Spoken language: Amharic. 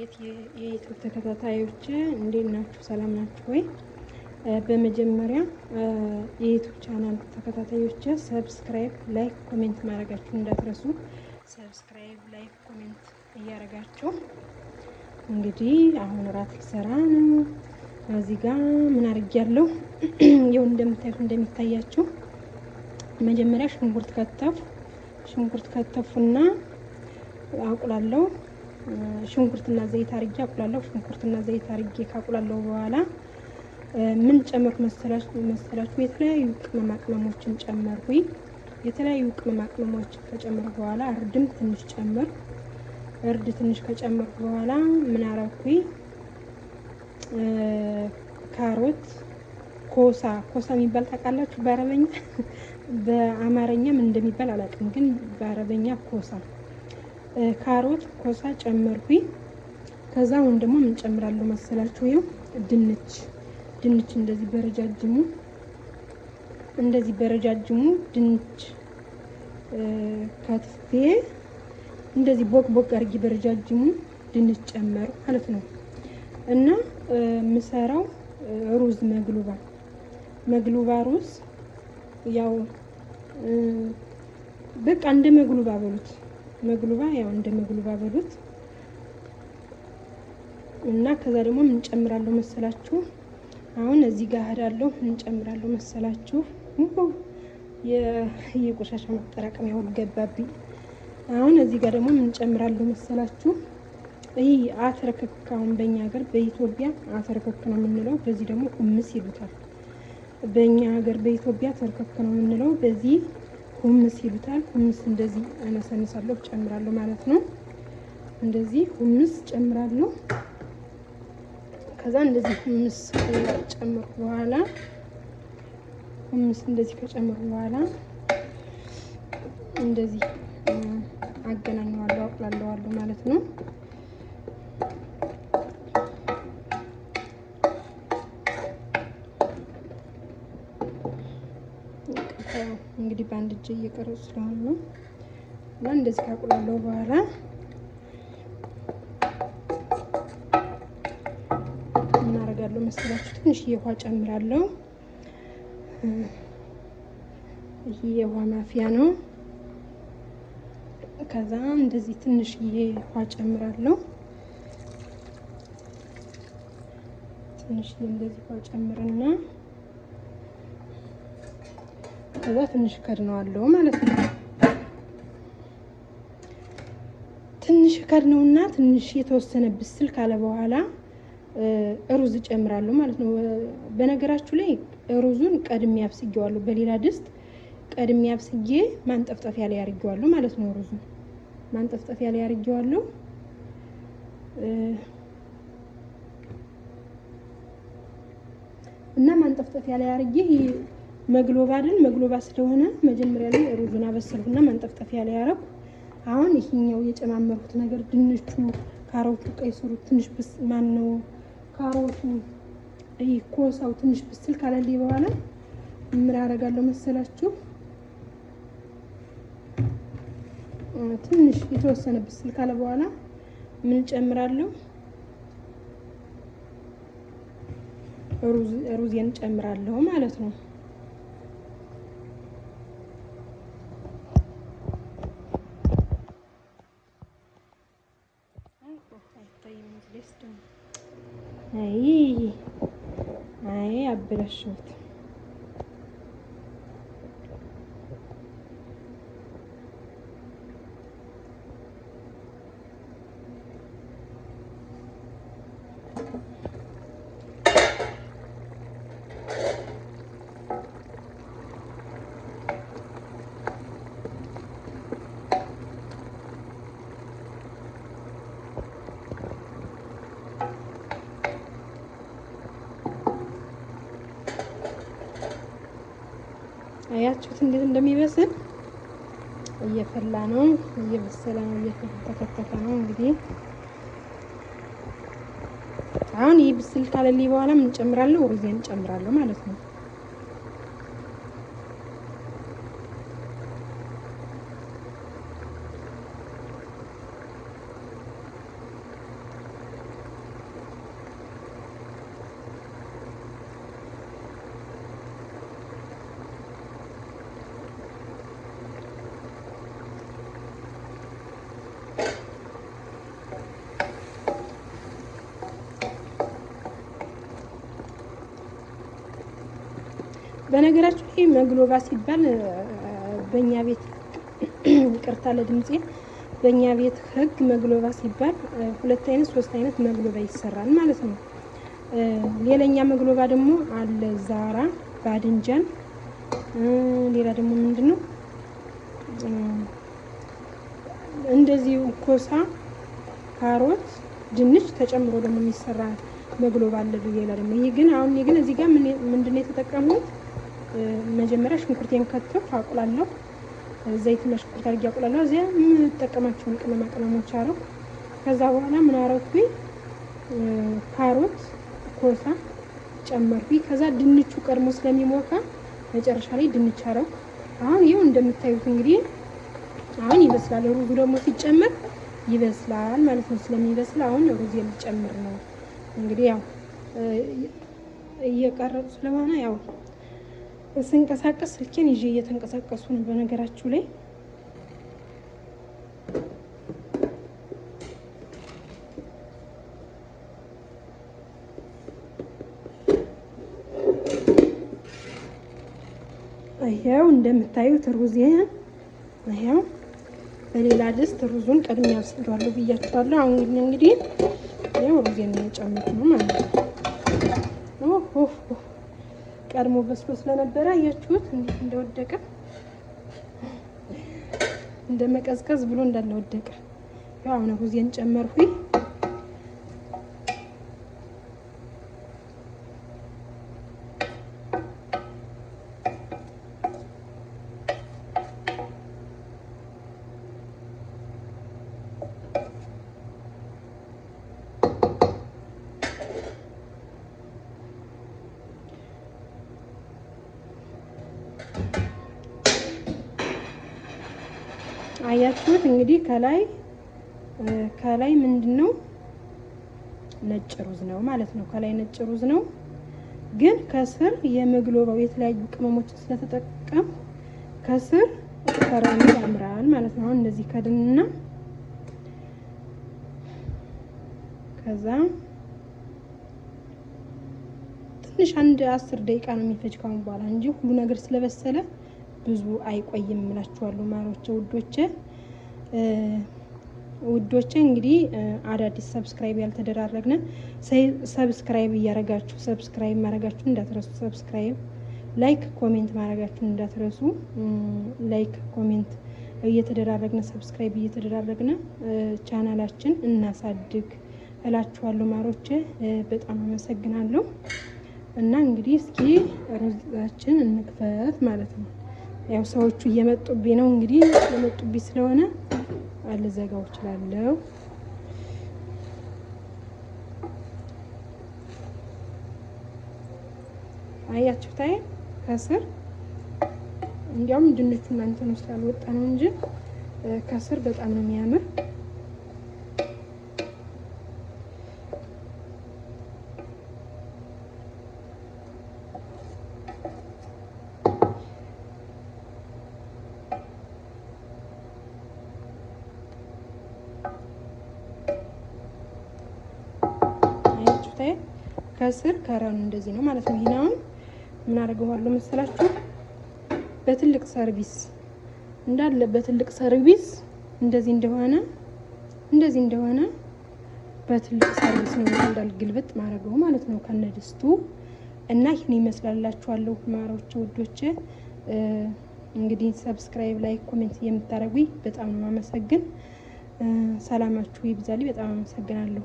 ቤት የዩቱብ ተከታታዮች እንዴት ናችሁ? ሰላም ናችሁ ወይ? በመጀመሪያ የዩቱብ ቻናል ተከታታዮች ሰብስክራይብ፣ ላይክ፣ ኮሜንት ማድረጋችሁ እንዳትረሱ። ሰብስክራይብ፣ ላይክ፣ ኮሜንት እያደረጋችሁ እንግዲህ አሁን እራት ልሰራ ነው። እዚህ ጋ ምን አድርጊያለሁ? ይኸው እንደምታዩት እንደሚታያችሁ መጀመሪያ ሽንኩርት ከተፉ። ሽንኩርት ከተፉና አቁላለሁ ሽንኩርትና ዘይት አርጌ አቁላለሁ። ሽንኩርትና ዘይት አርጌ ካቁላለሁ በኋላ ምን ጨመርኩ መሰላችሁ? የተለያዩ ቅመማ ቅመሞችን ጨመርኩኝ። የተለያዩ ቅመማ ቅመሞችን ከጨመርኩ በኋላ እርድም ትንሽ ጨመር እርድ ትንሽ ከጨመርኩ በኋላ ምን አረኩኝ? ካሮት ኮሳ ኮሳ የሚባል ታውቃላችሁ? በአረበኛ በአማርኛ ምን እንደሚባል አላውቅም፣ ግን በአረበኛ ኮሳ ካሮት ኮሳ ጨመርኩኝ። ከዛ አሁን ደግሞ ምን ጨምራለሁ መሰላችሁ? ይኸው ድንች ድንች እንደዚህ በረጃጅሙ እንደዚህ በረጃጅሙ ድንች ከትፌ እንደዚህ ቦቅ ቦቅ አርጊ በረጃጅሙ ድንች ጨመርኩ ማለት ነው። እና ምሰራው ሩዝ መግሉባ መግሉባ ሩዝ ያው በቃ እንደ መግሉባ በሉት መግሉባ ያው እንደ መግሉባ በሉት እና ከዛ ደግሞ ምንጨምራለሁ መሰላችሁ አሁን እዚህ ጋር እሄዳለሁ ምንጨምራለሁ መሰላችሁ የቆሻሻ ማጠራቀሚያ ሁሉ ገባብኝ አሁን እዚህ ጋር ደግሞ ምንጨምራለሁ መሰላችሁ ይህ አተረከክ አሁን በእኛ ሀገር በኢትዮጵያ አተረከክ ነው የምንለው በዚህ ደግሞ እምስ ይሉታል በእኛ ሀገር በኢትዮጵያ አተረከክ ነው የምንለው በዚህ ሁምስ ይሉታል። ሁምስ እንደዚህ አነሰንሳለሁ ጨምራለሁ ማለት ነው። እንደዚህ ሁምስ ጨምራለሁ። ከዛ እንደዚህ ሁምስ ጨምርኩ በኋላ ሁምስ እንደዚህ ከጨምርኩ በኋላ እንደዚህ አገናኘዋለሁ አቅላለዋለሁ ማለት ነው። እንግዲህ በአንድ እጅ እየቀረጽ ስለሆነ ነው እና እንደዚህ ካቁላለው በኋላ እናደርጋለሁ መሰላችሁ። ትንሽ የውሃ ጨምራለሁ። ይህ የውሃ ማፊያ ነው። ከዛ እንደዚህ ትንሽ የውሃ ጨምራለሁ። ትንሽ እንደዚህ ውሃ ጨምርና ከዛ ትንሽ ከድነዋለሁ ማለት ነው። ትንሽ ከድነውና ትንሽ የተወሰነ ብስል ካለ በኋላ ሩዝ እጨምራለሁ ማለት ነው። በነገራችሁ ላይ ሩዙን ቀድሜ አብስጌዋለሁ፣ በሌላ ድስት ቀድሜ አብስጌ ማንጠፍጠፊያ ላይ አድርጌዋለሁ ማለት ነው። ሩዙን ማንጠፍጠፊያ ላይ አድርጌዋለሁ። እና ማንጠፍጠፊያ ላይ አድርጌ መግሎብ አይደል መግሎባ ስለሆነ መጀመሪያ ላይ ሩዙን አበሰልኩና ማንጠፍጠፊያ ላይ ያረኩ። አሁን ይሄኛው የጨማመርኩት ነገር ድንቹ፣ ካሮቱ፣ ቀይ ስሩ ትንሽ ብስ ማን ነው ካሮቱ ይህ ኮሳው ትንሽ ብስል ካለልኝ በኋላ ምን አረጋለሁ መሰላችሁ? ትንሽ የተወሰነ ብስል ካለ በኋላ ምን ጨምራለሁ? ሩዝ ሩዝን ጨምራለሁ ማለት ነው። appena asciutti. አያችሁት እንዴት እንደሚበስል እየፈላ ነው፣ እየበሰለ ነው፣ እየተከተፈ ነው። እንግዲህ አሁን ይህ ብስል ካለልኝ በኋላ ምን ጨምራለሁ? ሩዝ እንጨምራለሁ ማለት ነው። በነገራችን ላይ መግሎባ ሲባል በእኛ ቤት ቅርታ ለድምፄ፣ በእኛ ቤት ህግ መግሎባ ሲባል ሁለት አይነት ሶስት አይነት መግሎባ ይሰራል ማለት ነው። ሌላኛ መግሎባ ደግሞ አለ ዛራ፣ ባድንጃን፣ ሌላ ደግሞ ምንድን ነው እንደዚህ ኮሳ፣ ካሮት፣ ድንች ተጨምሮ ደግሞ የሚሰራ መግሎባ አለ። ሌላ ደግሞ ይህ ግን አሁን ግን እዚህ ጋር ምንድን ነው የተጠቀሙት መጀመሪያ ሽንኩርቴን ከተፍ አቁላለሁ። ዘይትና ሽንኩርት አድርጌ አቁላለሁ። እዚያ የምጠቀማቸውን ቅመማ ቅመሞች አረኩ። ከዛ በኋላ ምን አረኩኝ? ካሮት ኮሳ ጨመርኩ ከዛ ድንቹ ቀድሞ ስለሚሞካ መጨረሻ ላይ ድንች አረኩ። አሁን ይኸው እንደምታዩት እንግዲህ አሁን ይበስላል። ሩዙ ደግሞ ሲጨመር ይበስላል ማለት ነው። ስለሚበስል አሁን ሩዝ የሚጨምር ነው እንግዲህ ያው እየቀረጡ ስለሆነ ያው ስንቀሳቀስ ስልኬን ይዤ እየተንቀሳቀሱ ነው። በነገራችሁ ላይ ይኸው እንደምታዩት ሩዝ ይኸው በሌላ ድስት ሩዙን ቀድሜ ያብስለዋለሁ ብያችኋለሁ። አሁን እንግዲህ ይኸው ሩዝ የሚጨምር ነው ማለት ነው። ቀድሞ በስሎ ስለነበረ አያችሁት እንዴት እንደወደቀ እንደመቀዝቀዝ ብሎ እንዳለ ያው አሁን ጊዜን ጨመርኩኝ። አያችሁት እንግዲህ ከላይ ከላይ ምንድን ነው ነጭ ሩዝ ነው ማለት ነው። ከላይ ነጭ ሩዝ ነው፣ ግን ከስር የምግሎባው የተለያዩ ቅመሞችን ስለተጠቀም ከስር ከረሙ ያምራል ማለት ነው። አሁን እንደዚህ ከድንና ከዛ ትንሽ አንድ አስር ደቂቃ ነው የሚፈጅ ካሁን በኋላ እንጂ ሁሉ ነገር ስለበሰለ ብዙ አይቆይም እላችኋለሁ ማሮቼ ውዶች ውዶች እንግዲህ አዳዲስ ሰብስክራይብ ያልተደራረግነ ሰብስክራይብ እያረጋችሁ ሰብስክራይብ ማረጋችሁ እንዳትረሱ። ሰብስክራይብ፣ ላይክ፣ ኮሜንት ማረጋችሁ እንዳትረሱ። ላይክ ኮሜንት እየተደራረግነ ሰብስክራይብ እየተደራረግነ ቻናላችን እናሳድግ እላችኋለሁ ማሮቼ። በጣም አመሰግናለሁ እና እንግዲህ እስኪ ሩዛችን እንክፈት ማለት ነው። ያው ሰዎቹ እየመጡብኝ ነው እንግዲህ እየመጡብኝ ስለሆነ አልዘጋው እችላለሁ። አያችሁ ታይ ከስር እንዲያውም ድንቹ እናንተ ነው ስላልወጣ ነው እንጂ ከስር በጣም ነው የሚያምር። እንደምታዩ ከስር ከረኑ እንደዚህ ነው ማለት ነው። ይህን አሁን ምን አደርገዋለሁ መሰላችሁ? በትልቅ ሰርቪስ እንዳለ በትልቅ ሰርቪስ እንደዚህ እንደሆነ እንደዚህ እንደሆነ በትልቅ ሰርቪስ ነው እንዳል ግልብጥ ማድረገው ማለት ነው ከነድስቱ እና ይህን ይመስላላችኋለሁ ማሮች ውዶች። እንግዲህ ሰብስክራይብ ላይ ኮሜንት የምታደርጉኝ በጣም ነው ማመሰግን። ሰላማችሁ ይብዛልኝ። በጣም አመሰግናለሁ።